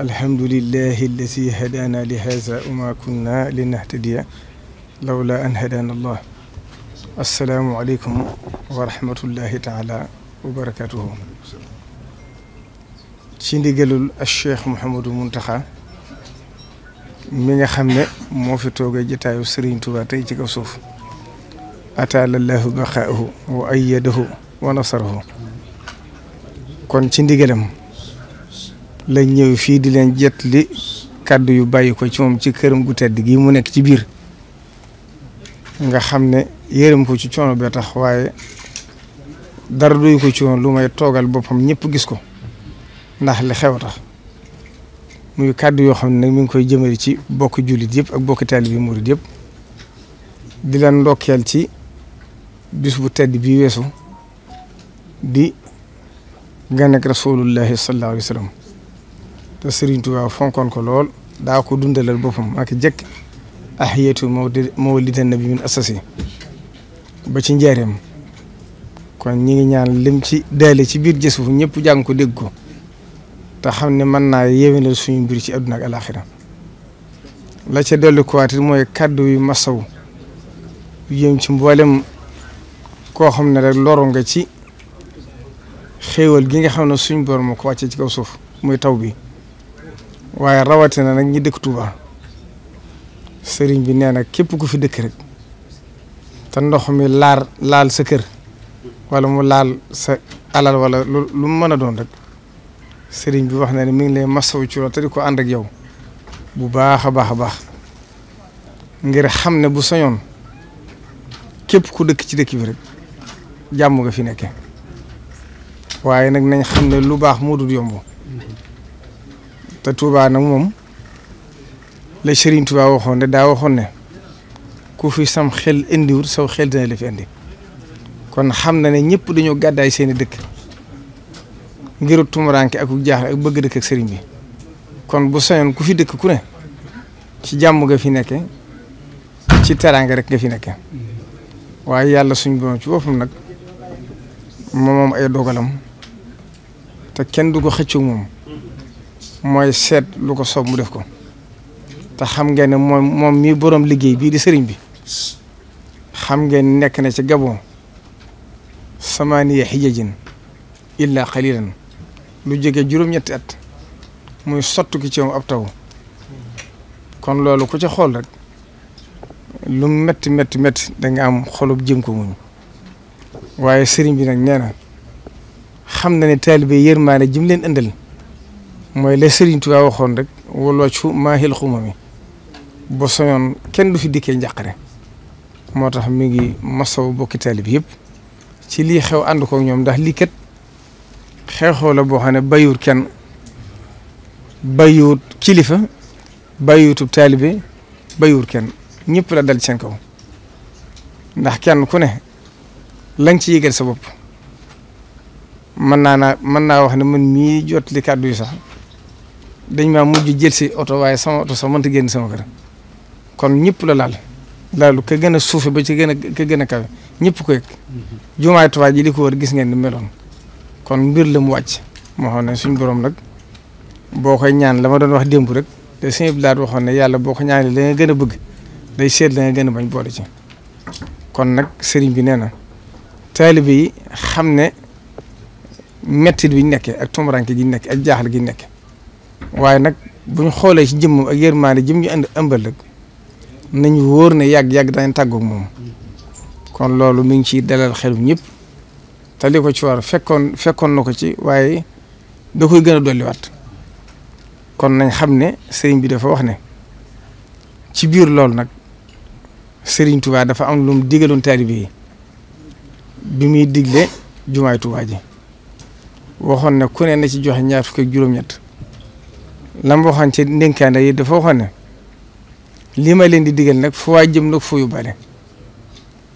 alhamdulillahi alladi hadaana li haza wa ma kunna linahtadiya lawla an hadaana allah assalaamu aleykum wa rahmatullahi taala wa barakatuhu ci ndigalul Cheikh Mouhamadou Mountakha mi nga xam ne moo fi toogee jataayu Serigne Touba tey ci kaw suuf ataalallahu baqaahu wa ayyadahu wa nasarahu kon ci ndigalam lañ ñëw fii di leen jët kàddu yu bàyyi ko ci moom ci këram gu tedd gii mu nekk ci biir nga xam ne yërëm ko ci coono bee tax waaye dara doy ko ci woon lu may toogal boppam ñëpp gis ko ndax li xew tax muy kàddu yoo xam ne nag mi ngi koy jëmale ci bokk jullit yëpp ak bokk taalibi murid yëpp di leen ndokkeel ci bis bu tedd bi weesu di gan ak rasulullahi sallallahu alayhi wa te Serigne Touba fonkoon ko lool daa ko dundalal boppam ak jëkk ahiyatu mawlidi bi min asasi ba ci njaareem kon ñi ngi ñaan lim ci daale ci biir jës fu ñëpp jàng ko dégg ko te xam ne mën naa yéwénal suñu mbir ci àdduna ak alaxira la ca dellu kuwaati mooy kàddu yu masaw yëm ci mboolem koo xam ne rek loru nga ci xéewal gi nga xam ne suñu suñ moo ko wàccee ci kaw suuf mooy taw bi waaye rawatina nag ñi dëkk Touba sëriñ bi nee nag képp ku fi dëkk rek te ndox mi laar laal sa kër wala mu laal sa alal wala lu mu mën a doon rek sëriñ bi wax na ne mi ngi lay masawu ci loolu te di ko ànd ak yow bu baax a baax a baax ngir xam ne bu soñoon képp ku dëkk ci dëkk bi rek jàmm nga fi nekke waaye nag nañ xam ne lu baax moo dul yomb te Touba nag moom la Serigne Touba waxoon ne daa waxoon ne ku fi sam xel indiwul saw xel dina fi indi kon xam na ne ñëpp dañoo gàddaay seen i dëkk ngir tumuraanke ak jaaxle ak bëgg dëkk ak Serigne bi kon bu sañoon ku fi dëkk ku ne ci jàmm ga fi nekke ci teraanga rek nga fi nekke waaye yàlla suñ borom ci boppam nag moom ay dogalam te kenn du ko xëccoo moom. mooy seet lu ko soob mu def ko te xam ngeen ne moom moom mii boroom liggéey bii di sëriñ bi xam ngeen nekk na ci Gabon samaaniya xijajin illa xalilan lu jóge juróom-ñetti at muy sottu ki ci ab taw kon loolu ku ci xool rek lu métti métti métti da nga am xolub jëm ko muñ waaye sëriñ bi nag nee na xam na ne taalibe yërmaane jëm leen ëndal mooy la Serigne Touba waxoon rek wala cu maahil xuma mi ba soñoon kenn du fi dikkee njàqare moo tax mi ngi masaw bokki taalib yëpp ci lii xew ànd ñoom ndax lii kat xew-xew la boo xam ne bayuut kenn bayuut kilifa bayuutub taalibe bayuut kenn ñëpp la dal seen ndax kenn ku ne lañ ci yëgal sa bopp mën naa naa mën naa wax ne man mii jot li kàddu yi sax dañ maa mujj jël si oto waaye sama oto sax mënta génn sama kër kon ñëpp la laal laalu ka gën a suufe ba ci gën a ka gën a kawe ñëpp ko yëg mhm. jumaay Tuubaa ji li ko war gis ngeen ni meloon kon mbir la mu wàcc moo xam ne suñ borom nag boo koy ñaan la ma doon wax démb rek te sëñ yàlla boo ko ñaanee la gën a bëgg day seet la gën a bañ boole ci kon nag sëriñ bi nee na taalibe yi xam ne mettit bi ñu nekkee ak tumuraanke gi ñu nekk ak jaaxal gi ñu waaye nag bu ñu xoolee ci jëmmam ak yërmaande jëm ñu indi ëmbal rek nañu wóor ne yàgg-yàgg danañ tàggoog moom kon loolu mi ngi ciy dalal xel ñëpp te li ko ci war fekkoon fekkoon na ko ci waaye da koy gën a dolliwaat kon nañ xam ne sëriñ bi dafa wax ne ci biir loolu nag sëriñ Touba dafa am lu mu digaloon taalibe bi muy digle jumaay Touba ji waxoon ne ku ne na ci joxe ñaar fukk ak juróom-ñett la ma waxoon yi dafa waxoon lii ma leen di digal nag fu waay jëm nag fu yóbbaale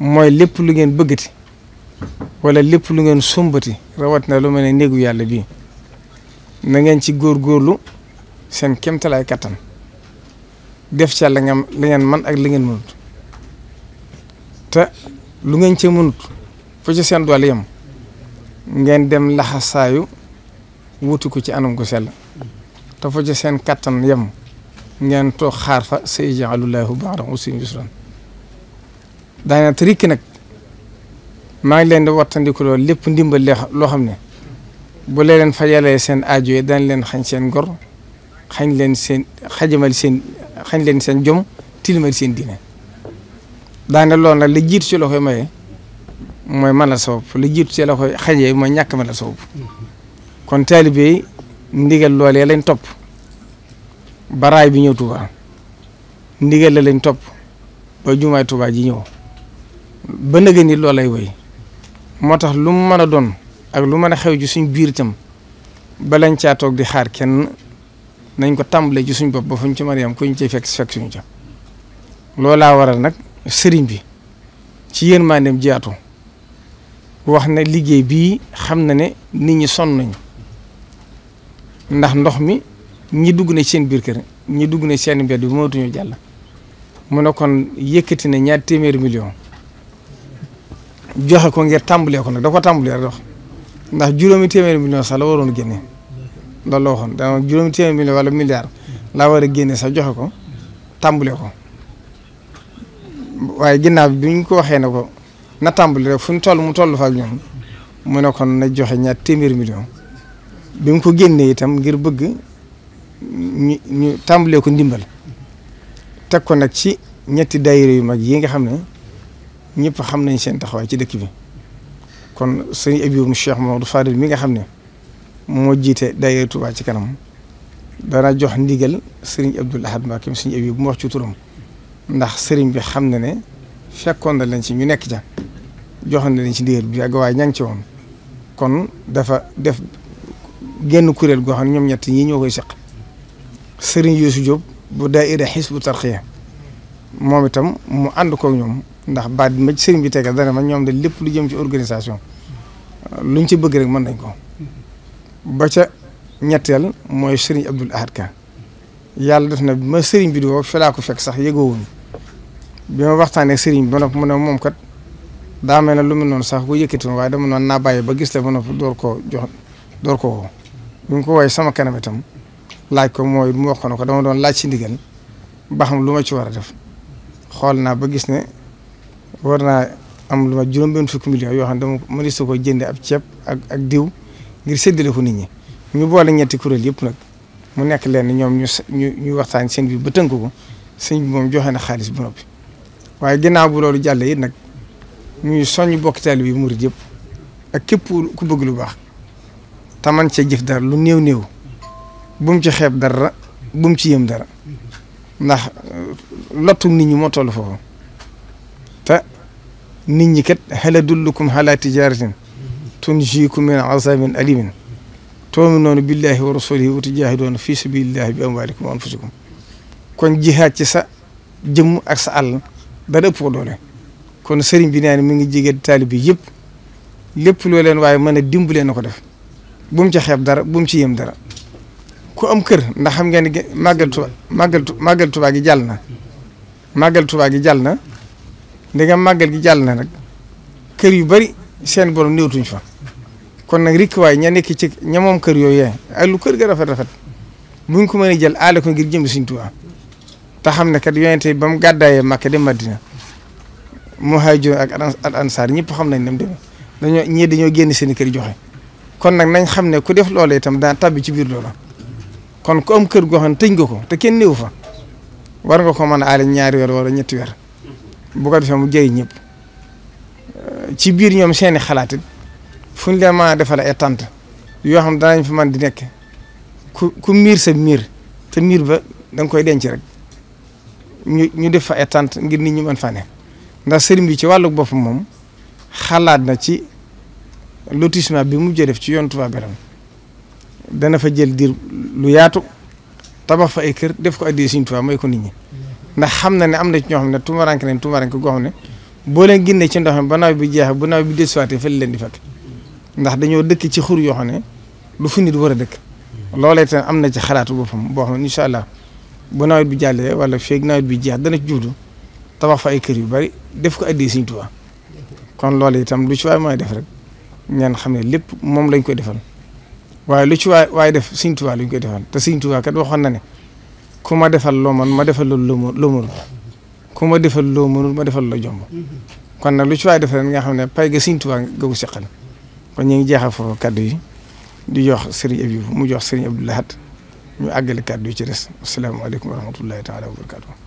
mooy lépp lu ngeen bëggati walla lépp lu ngeen sumbati rawat na lu mel ne néegu yàlla bi na ngeen ci góorlu seen kéemtalaay kattan def ca la ngeen la ngeen man ak la ngeen mënut te lu ngeen ca mënut fu ci seen doole yem ngeen dem laxasaayu wuti ko ci anam ko sell te fu ci seen kattan yem ngeen toog xaar fa sa ijaalullahu baada usin yusran daana trikki nag maa ngi leen di wattandikuloo lépp ndimbal loo xam ne bu leen fa yalee seen aajo yi dañ leen xañ seen gor xañ leen seen xajamal seen xañ leen seen jom tilimal seen diine daane loolu nag la jiitu ci la koy maye mooy mënal sa bopp la jiitu ci la koy xañee mooy ñàkk mënal sa bopp mm-hmm. kon taalibe ndigal loolee lañ topp ba raay bi ñëw Touba ndigal la lañ topp ba jumaay Touba ji ñëw ba nëgë ni loolu lay woy moo tax lu mu mën a doon ak lu mën a xew ji suñ biir tam balañ caa toog di xaar kenn nañ ko tàmbalee ci suñ bopp ba fuñ ci mën a yam kuñ ci fekk fekk suñu ca loolaa waral nag sëriñ bi ci yéen maa dem jiyaatu wax na liggéey bii xam na ne nit ñi sonn nañ ndax ndox mi ñi dugg na seen biir kër ñi dugg na seen mbedd bi mënatuñoo jàll mu ne kon yëkkati na ñaar million joxe ko ngir tàmbalee ko nag da ko tàmbalee dox ndax juróomi téeméeri million sax la waroon génne loolu la waxoon da juróomi téeméeri million wala milliard laa war a génne sax joxe ko tàmbalee ko waaye ginnaaw bi ñu ko waxee ne ko na tàmbali rek fu ñu toll mu toll fa ak mu ne kon na joxe ñaat téeméeri million bi mu ko génnee itam ngir bëgg ñu ñu tàmbalee ndimbal teg ko nag ci ñetti daayira yu mag yi nga xam ne ñëpp xam nañ seen taxawaay ci dëkk bi kon sëñ Abibu Cheikh Mamadou Fadil mi nga xam ne moo jiite daayira Touba ci kanam dana jox ndigal sëriñ Abdoul Ahad Mbacké sëñ Abibu bu mu wax ci turam ndax sëriñ bi xam na ne fekkoon na leen ci ñu nekk ca joxoon na leen ci ndigal bi ak waaye ña ngi ci woon kon dafa def génn kuréel goo xam ne ñoom ñett ñii ñoo koy seq Serigne Youssou Diop bu daayira bu Tarqiyyah moom itam mu ànd koog ñoom ndax baat ma ci Serigne bi tegal ma ñoom de lépp lu jëm ci organisation luñ ci bëgg rek mën nañ ko ba ca ñetteel mooy Serigne Abdoul Ahad yàlla def na ma Serigne bi di woo fi ko fekk sax yëgoowuñ bi ma waxtaanee Serigne bi ba noppi mu ne moom kat daa mel ne lu mu noonu sax ko yëkkati waaye dama noonu naa bàyyi ba gis la ba noppi door koo jox door koo woo bi mu ko woowee sama kanam itam laaj ko mooy mu wax ko dama doon laaj si ndigal ba xam lu ma ci war a def xool naa ba gis ne war naa am lu ma juróom-benn fukki millions yoo xam ne dama mënees su ko jëndee ab ceeb ak ak diw séddale ko nit ñi. ñu boole ñetti kuréel yëpp nag mu nekk leen ñoom ñu ñu ñu waxtaan seen bi ba tënk ko sëñ bi moom joxe na xaalis bu noppi waaye ginnaaw bu loolu jàlle it nag ñuy soññ bokkitaal bi murid yëpp ak képp ku bëgg lu baax. te man cee jëf dara lu néew néew bu mu ci xeeb dara bu mu ci yëm dara ndax euh, lottu nit ñi moo toll foofu te nit ñi kat hal adullukum ala tijaratin tunjiikum min azabin alimin tu'minuuna billahi wa rasulihi wa tujaahiduuna fi sabilillahi bi amwaalikum wa anfusikum kon jihaad ci sa jëmm ak sa àll dara ëpp doole kon sëriñ bi naa mi ngi jigéen taalibe bi yëpp lépp loo leen waaye mën a dimbalee na ko def bum mu ci xeeb dara bum ci yem dara ko am kër ndax xam ngeen ne màggal tuba màggal màggal gi jàll na màggal tuba gi jàll na ndegam màggal gi jàll na nag kër yu bari seen borom néewtuñ fa kon nag rikk waay ña nekk ci ña moom kër yooyu yee lu kër ga rafet rafet buñ ko mën a jël aale ko ngir jëm suñ tuba te xam ne kat yonente ba mu gàddaayee Màkka dem Madina muhaajir ak al ansaar ñëpp xam nañ dem demee dañoo ñii dañoo génn seeni kër joxe kon nag nañ xam ne ku def loola itam daa tabbi ci biir loola kon ku kër goo xam ne tëj nga ko te kenn néew fa war nga ko mën a aale ñaari weer wala ñetti weer bu ko defee mu jëriñ ñëpp eh, ci biir ñoom seeni xalaat it fu ñu leen mën defal ay tànt yoo xam danañ fa mën di nekk ku ku miir sa miir te miir ba da koy denc rek ñu ñu def fa ay ngir nit ñi mën faa ne ndax sëriñ bi ci wàllu boppam moom xalaat na ci. lotissement bi mu jël def ci yoon Touba Belem dana fa jël diir lu yaatu tabax fa ay kër def ko addee Sëriñ Touba mooy kon nit ñi ndax xam na ne am na ci ñoo xam ne tumaranke ne boo leen génnee ci ndox mi ba bi jeexee bu nawet bi desuwaatee fa leen di fekk ndax dañoo dëkk ci xur yoo xam ne lu fu nit war dëkk loolee itam am na ci xalaatu boppam boo xam allah bu bi jàllee wala feeg bi jeex dana ci jublu fa ay kër yu bari def ko addee Sëriñ Touba itam lu ci waay mooy def rek. ngeen xam ne lépp moom lañ koy defal waaye lu ci waay waaye def Sëriñ Tuubaa lañ koy defal te Sëriñ Tuubaa kat waxoon na ne ku ma defal loo man ma defal loolu loo loo mënul ku ma defal loo mënul ma defal la jomb kon nag lu ci waay defal nga xam ne pay ga Sëriñ Tuubaa nga ko seqal kon ñu ngi jeexal foofu kàddu yi di jox Serigne Abibou mu jox Serigne Abdou ñu àggale kàddu yi ci res asalaamaaleykum wa rahmatullahi taala wa